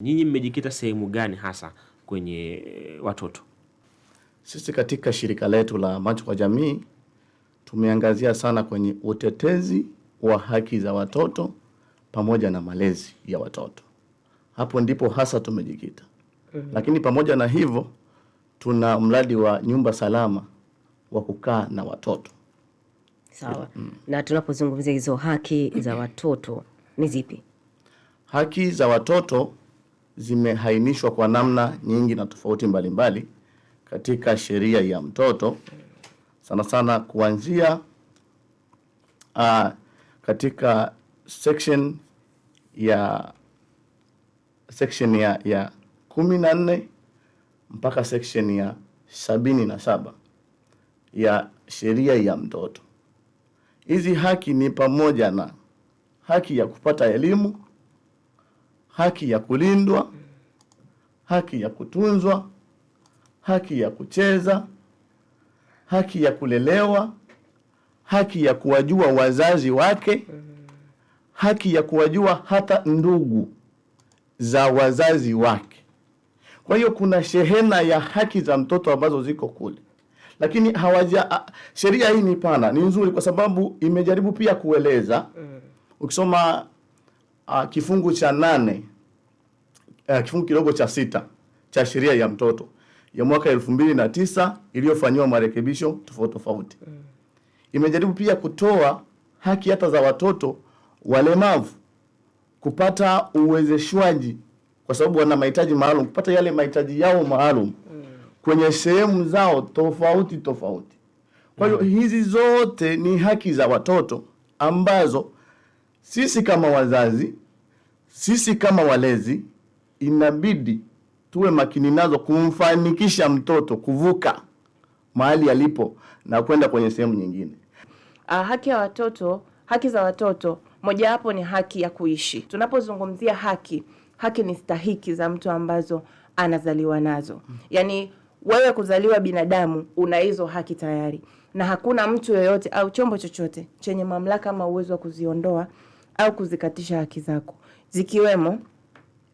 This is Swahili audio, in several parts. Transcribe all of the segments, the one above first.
Nyinyi mmejikita sehemu gani hasa kwenye eh, watoto? Sisi katika shirika letu la Macho kwa Jamii tumeangazia sana kwenye utetezi wa haki za watoto pamoja na malezi ya watoto. Hapo ndipo hasa tumejikita. mm -hmm. Lakini pamoja na hivyo tuna mradi wa nyumba salama wa kukaa na watoto. Sawa. mm. Na tunapozungumzia hizo haki za watoto ni zipi? Haki za watoto zimehainishwa kwa namna nyingi na tofauti mbalimbali mbali katika sheria ya mtoto sana sana kuanzia uh, katika section ya section ya, ya kumi na nne mpaka section ya sabini na saba ya sheria ya mtoto. Hizi haki ni pamoja na haki ya kupata elimu haki ya kulindwa, haki ya kutunzwa, haki ya kucheza, haki ya kulelewa, haki ya kuwajua wazazi wake, haki ya kuwajua hata ndugu za wazazi wake. Kwa hiyo kuna shehena ya haki za mtoto ambazo ziko kule, lakini hawaja. Sheria hii ni pana, ni nzuri, kwa sababu imejaribu pia kueleza, mm. ukisoma uh, kifungu cha nane uh, kifungu kidogo cha sita cha sheria ya mtoto ya mwaka elfu mbili na tisa iliyofanyiwa marekebisho tofauti tofauti mm. Imejaribu pia kutoa haki hata za watoto walemavu kupata uwezeshwaji kwa sababu wana mahitaji maalum, kupata yale mahitaji yao maalum mm. kwenye sehemu zao tofauti tofauti. Kwa hiyo mm. hizi zote ni haki za watoto ambazo sisi kama wazazi, sisi kama walezi, inabidi tuwe makini nazo kumfanikisha mtoto kuvuka mahali alipo na kwenda kwenye sehemu nyingine. Ah, haki ya watoto, haki za watoto, mojawapo ni haki ya kuishi. Tunapozungumzia haki, haki ni stahiki za mtu ambazo anazaliwa nazo, yaani wewe kuzaliwa binadamu una hizo haki tayari, na hakuna mtu yoyote au chombo chochote chenye mamlaka ama uwezo wa kuziondoa au kuzikatisha haki zako zikiwemo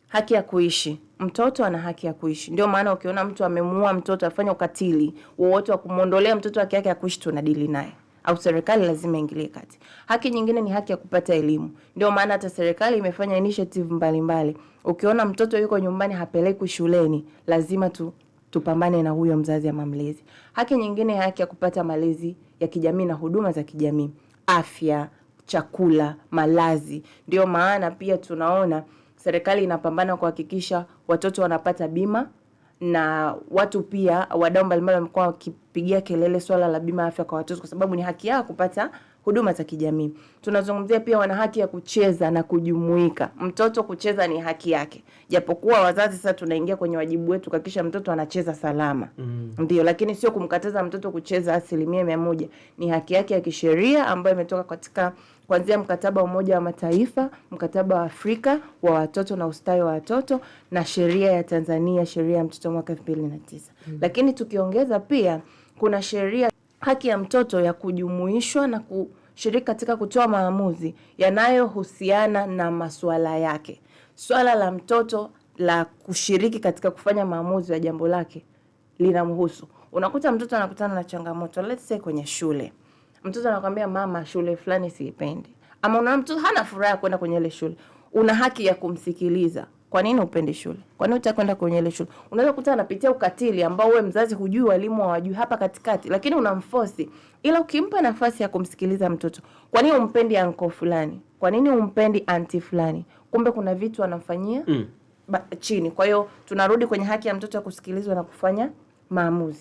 haki ya kuishi. Mtoto ana haki ya kuishi. Ndio maana ukiona mtu amemuua mtoto, afanya ukatili wowote wa kumwondolea mtoto haki yake ya kuishi, tunadili naye au serikali lazima ingilie kati. Haki nyingine ni haki ya kupata elimu. Ndio maana hata serikali imefanya initiative mbalimbali Ukiona mtoto yuko nyumbani hapelekwi shuleni, lazima tu tupambane na huyo mzazi ama mlezi. Haki nyingine, haki ya kupata malezi ya kijamii na huduma za kijamii, afya chakula, malazi. Ndio maana pia tunaona serikali inapambana kuhakikisha watoto wanapata bima na watu pia wadau mbalimbali wamekuwa wakipigia kelele swala la bima ya afya kwa watoto, kwa sababu ni haki yao kupata huduma za kijamii. Tunazungumzia pia wana haki ya kucheza na kujumuika. Mtoto kucheza ni haki yake, japokuwa wazazi sasa tunaingia kwenye wajibu wetu kuhakikisha mtoto anacheza salama mm. Ndio, lakini sio kumkataza mtoto kucheza asilimia mia moja. Ni haki yake ya kisheria ambayo imetoka katika kuanzia mkataba wa Umoja wa Mataifa, mkataba wa Afrika wa watoto na ustawi wa watoto na sheria ya Tanzania, sheria ya mtoto mwaka tisa mm. Lakini tukiongeza pia kuna sheria haki ya mtoto ya kujumuishwa na kushiriki katika kutoa maamuzi yanayohusiana na masuala yake. Swala la mtoto la kushiriki katika kufanya maamuzi ya jambo lake linamhusu. Unakuta mtoto anakutana na changamoto, let's say kwenye shule, mtoto anakwambia mama, shule fulani siipendi, ama unaona mtoto hana furaha kwenda kwenye ile shule, una haki ya kumsikiliza. Kwa nini upendi shule? Kwa nini utakwenda kwenye ile shule? Unaweza kukuta anapitia ukatili ambao wewe mzazi hujui, walimu hawajui, hapa katikati, lakini unamforce. Ila ukimpa nafasi ya kumsikiliza mtoto, kwa nini umpendi anko fulani? Kwa nini umpendi anti fulani? Kumbe kuna vitu anafanyia mm. chini. Kwa hiyo tunarudi kwenye haki ya mtoto ya kusikilizwa na kufanya maamuzi.